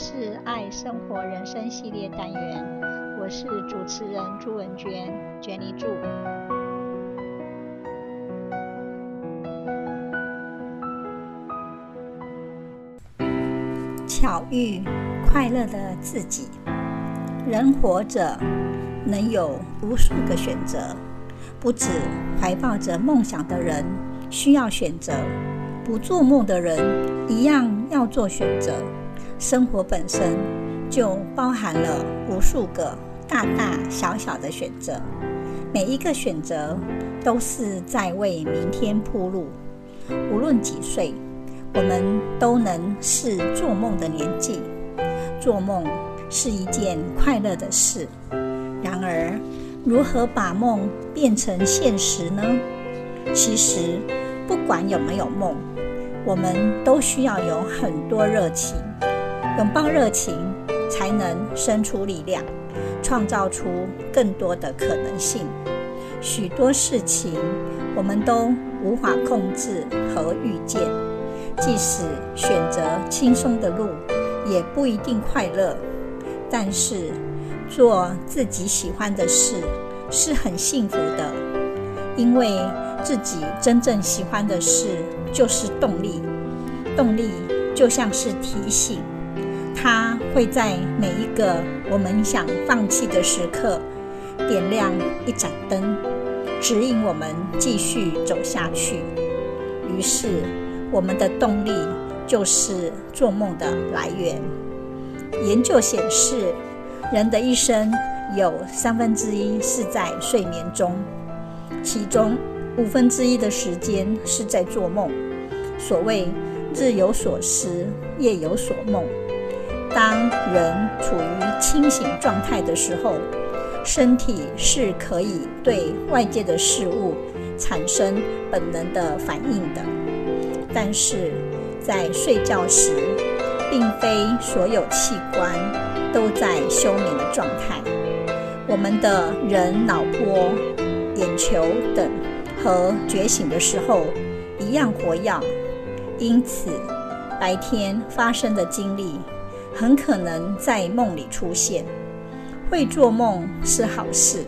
是愛生活人生系列單元，我是主持人朱文娟，Jenny Zhu。巧遇快樂的自己。人活着能有無數個選擇，不只懷抱着夢想的人，需要選擇，不做夢的人，一樣要做選擇。生活本身就包含了無數個大大小小的選擇，每一個選擇都是在為明天鋪路。無論幾歲，我們都能是做夢的年紀。做夢是一件快樂的事，然而，如何把夢變成現實呢？其實，不管有沒有夢，我們都需要有很多熱情。擁抱熱情，才能生出力量，創造出更多的可能性。許多事情，我們都無法控制和預見，即使選擇輕鬆的路，也不一定快樂。但是，做自己喜歡的事是很幸福的，因為自己真正喜歡的事就是動力。動力就像是提醒。它會在每一個我們想放棄的時刻，點亮一盞燈，指引我們繼續走下去。於是，我們的動力就是做夢的來源。研究顯示，人的一生有三分之一是在睡眠中，其中五分之一的時間是在做夢。所謂“日有所思，夜有所夢”。當人處於清醒狀態的時候，身體是可以對外界的事物產生本能的反應的。但是，在睡覺時，並非所有器官都在休眠的狀態。我們的人腦波、眼球等和覺醒的時候一樣活躍。因此，白天發生的經歷，很可能在夢裡出現。會做夢是好事，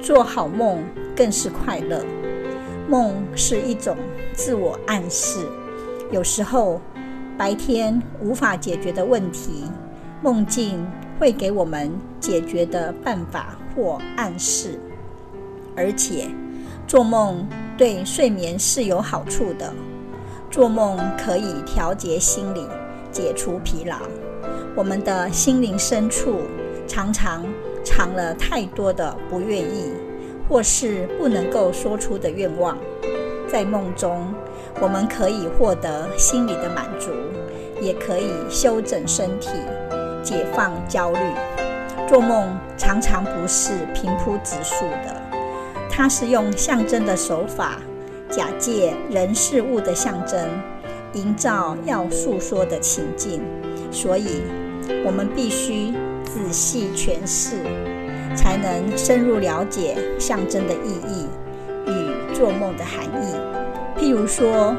做好夢更是快樂。夢是一種自我暗示。有時候，白天無法解決的問題，夢境會給我們解決的辦法或暗示。而且，做夢對睡眠是有好處的。做夢可以調節心理，解除疲勞。我們的心靈深處常常藏了太多的不願意，或是不能夠說出的願望。在夢中，我們可以獲得心理的滿足，也可以修整身體，解放焦慮。做夢常常不是平鋪直述的，它是用象徵的手法，假借人事物的象徵。營造要訴說的情境，所以我們必須仔細詮釋，才能深入了解象徵的意義與做夢的含義。譬如說，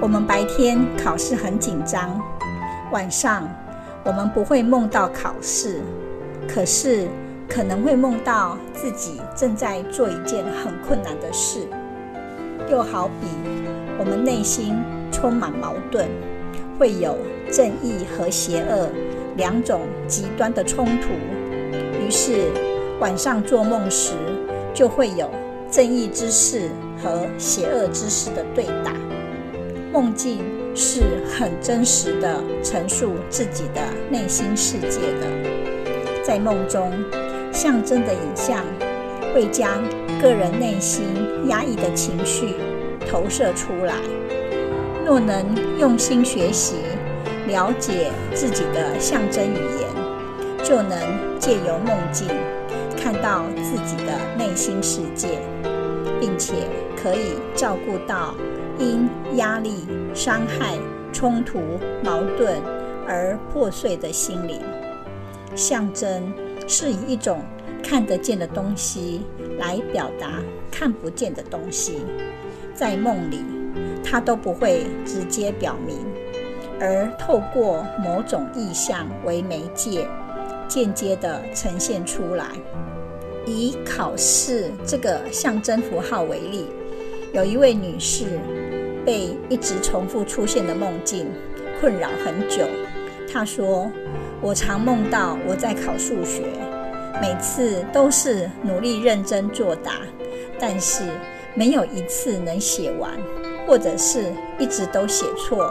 我們白天考試很緊張，晚上我們不會夢到考試，可是可能會夢到自己正在做一件很困難的事。又好比我們內心。充滿矛盾，會有正義和邪惡兩種極端的衝突。於是晚上做夢時，就會有正義之士和邪惡之士的對打。夢境是很真實地陳述自己的內心世界的。在夢中，象徵的影像會將個人內心壓抑的情緒投射出來。若能用心學習，了解自己的象徵語言，就能借由夢境看到自己的內心世界，並且可以照顧到因壓力、傷害、衝突、矛盾而破碎的心靈。象徵是以一種看得見的東西來表達看不見的東西，在夢裡。它都不會直接表明，而透過某種意象為媒介，間接地呈現出來。以考試這個象徵符號為例，有一位女士被一直重複出現的夢境困擾很久。她說：“我常夢到我在考數學，每次都是努力認真作答，但是沒有一次能寫完。”或者是一直都寫錯，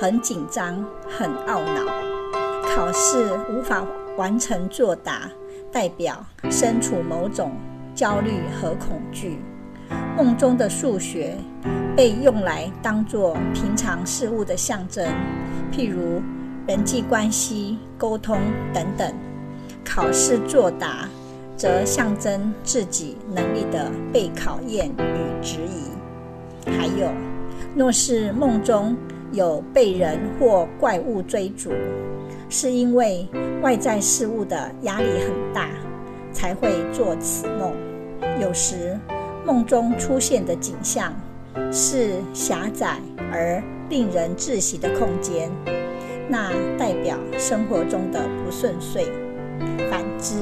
很緊張，很懊惱。考試無法完成作答，代表身處某種焦慮和恐懼。夢中的數學被用來當作平常事物的象徵，譬如人際關係、溝通等等。考試作答則象徵自己能力的被考驗與質疑。還有，若是夢中有被人或怪物追逐，是因為外在事物的壓力很大，才會做此夢。有時，夢中出現的景象是狹窄而令人窒息的空間，那代表生活中的不順遂。反之，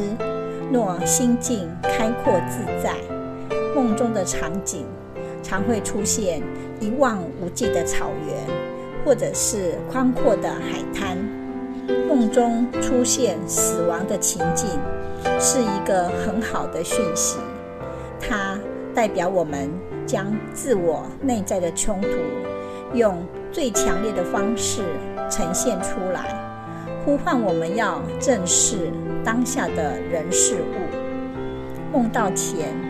若心境開闊自在，夢中的場景。常會出現一望無際的草原，或者是寬闊的海灘。夢中出現死亡的情境，是一個很好的訊息。它代表我們將自我內在的衝突，用最強烈的方式呈現出來，呼喚我們要正視當下的人事物。夢到錢。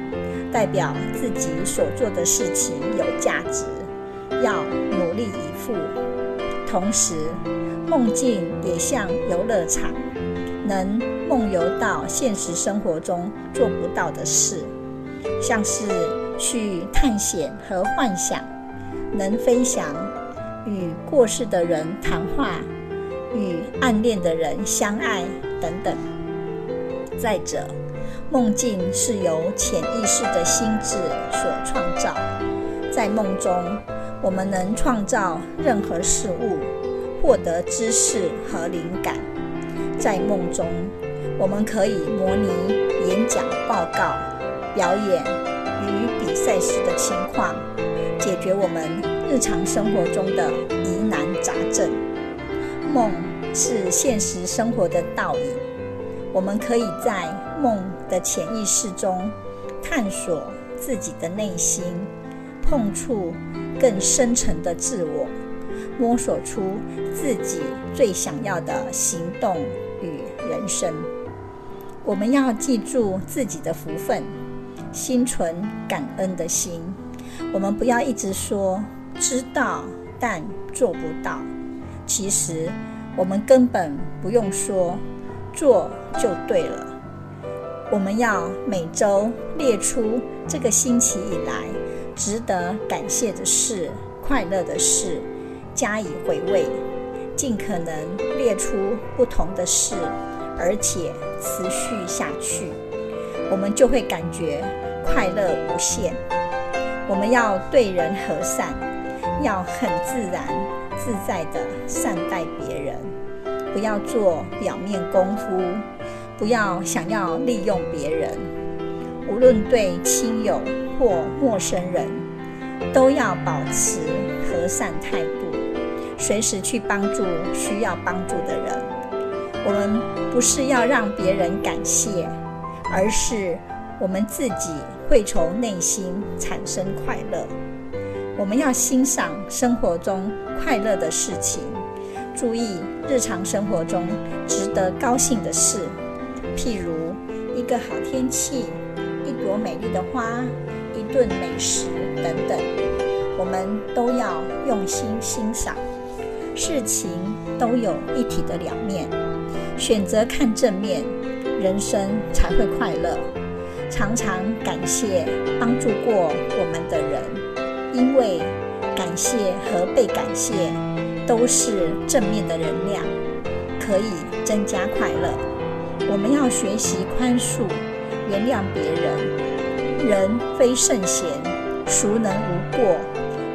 代表自己所做的事情有價值，要努力以赴。同時，夢境也像遊樂場，能夢遊到現實生活中做不到的事，像是去探險和幻想，能飛行，與過世的人談話，與暗戀的人相愛等等。再者，夢境是由潛意識的心智所創造。在夢中，我們能創造任何事物，獲得知識和靈感。在夢中，我們可以模擬演講報告、表演與比賽時的情況，解決我們日常生活中的疑難雜症。夢是現實生活的倒影。我們可以在夢的潛意識中，探索自己的內心，碰觸更深層的自我，摸索出自己最想要的行動與人生。我們要記住自己的福分，心存感恩的心。我們不要一直說知道，但做不到。其實我們根本不用說。做就對了。我們要每周列出這個星期以來值得感謝的事、快樂的事，加以回味。盡可能列出不同的事，而且持續下去，我們就會感覺快樂無限。我們要對人和善，要很自然、自在地善待別人。不要做表面功夫，不要想要利用別人。無論對親友或陌生人，都要保持和善態度，隨時去幫助需要幫助的人。我們不是要讓別人感謝，而是我們自己會從內心產生快樂。我們要欣賞生活中快樂的事情。注意日常生活中，值得高興的事，譬如一個好天氣、一朵美麗的花、一頓美食等等，我們都要用心欣賞。事情都有一體的兩面，選擇看正面，人生才會快樂。常常感謝幫助過我們的人，因為感謝和被感謝。都是正面的能量，可以增加快樂。我們要學習寬恕、原諒別人。人非聖賢，孰能無過？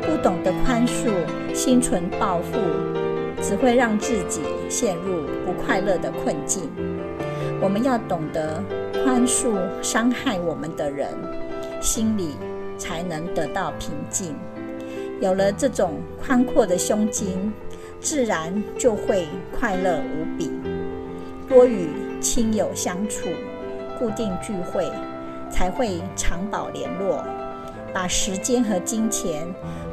不懂得寬恕，心存報復，只會讓自己陷入不快樂的困境。我們要懂得寬恕傷害我們的人，心裡才能得到平靜。有了這種寬闊的胸襟，自然就會快樂無比。多與親友相處，固定聚會，才會常保聯絡。把時間和金錢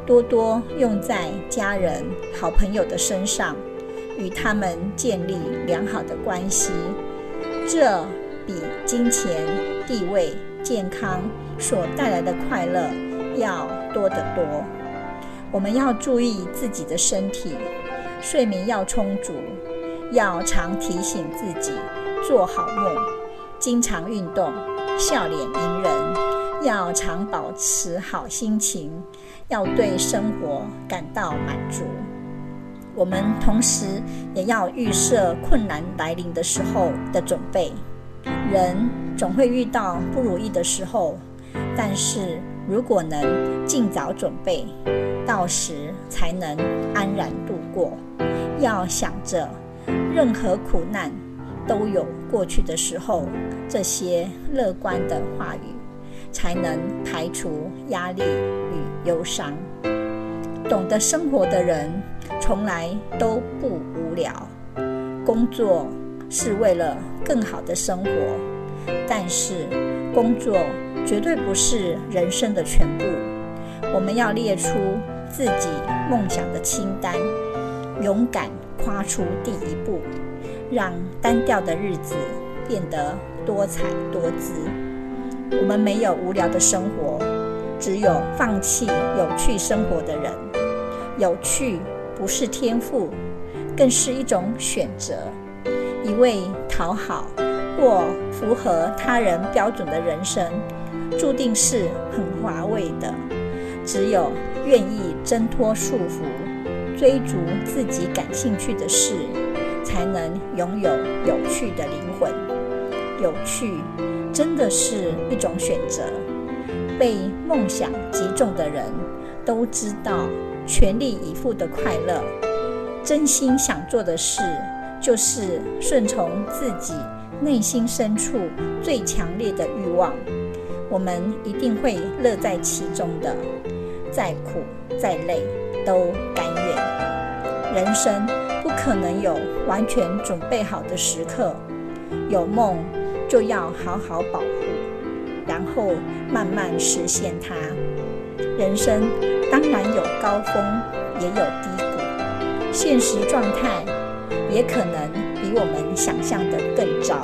多多用在家人、好朋友的身上，與他們建立良好的關係，這比金錢、地位、健康所帶來的快樂要多得多。我們要注意自己的身體，睡眠要充足，要常提醒自己做好夢，經常運動，笑臉迎人，要常保持好心情，要對生活感到滿足。我們同時也要預設困難來臨的時候的準備。人總會遇到不如意的時候，但是。如果能盡早準備，到時才能安然度過。要想着，任何苦難都有過去的時候。這些樂觀的話語，才能排除壓力與憂傷。懂得生活的人從來都不無聊。工作是為了更好的生活，但是工作。絕對不是人生的全部。我們要列出自己夢想的清單，勇敢跨出第一步，讓單調的日子變得多彩多姿。我們沒有無聊的生活，只有放棄有趣生活的人。有趣不是天賦，更是一種選擇。一味討好或符合他人標準的人生，註定是很乏味的。只有願意掙脫束縛，追逐自己感興趣的事，才能擁有有趣的靈魂。有趣，真的是一種選擇。被夢想擊中的人都知道，全力以赴的快樂，真心想做的事，就是順從自己內心深處最強烈的欲望。我們一定會樂在其中的，再苦再累都甘願。人生不可能有完全準備好的時刻，有夢就要好好保護，然後慢慢實現它。人生當然有高峰，也有低谷，現實狀態也可能比我們想象的更糟，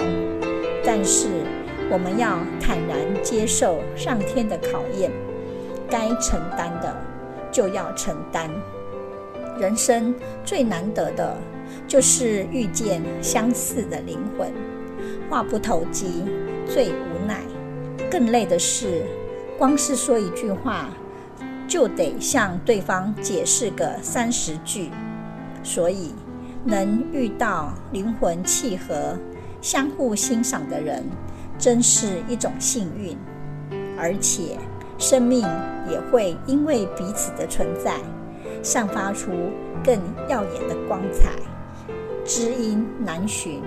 但是。我們要坦然接受上天的考驗，該承擔的就要承擔。人生最難得的就是遇見相似的靈魂。話不投機最無奈，更累的是，光是說一句話就得向對方解釋個三十句。所以，能遇到靈魂契合、相互欣賞的人。真是一種幸運，而且生命也會因為彼此的存在，散發出更耀眼的光彩。知音難尋，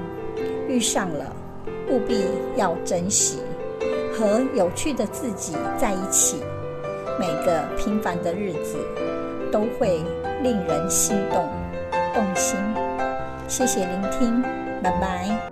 遇上了務必要珍惜，和有趣的自己在一起，每個平凡的日子都會令人心動，動心。謝謝聆聽，拜拜。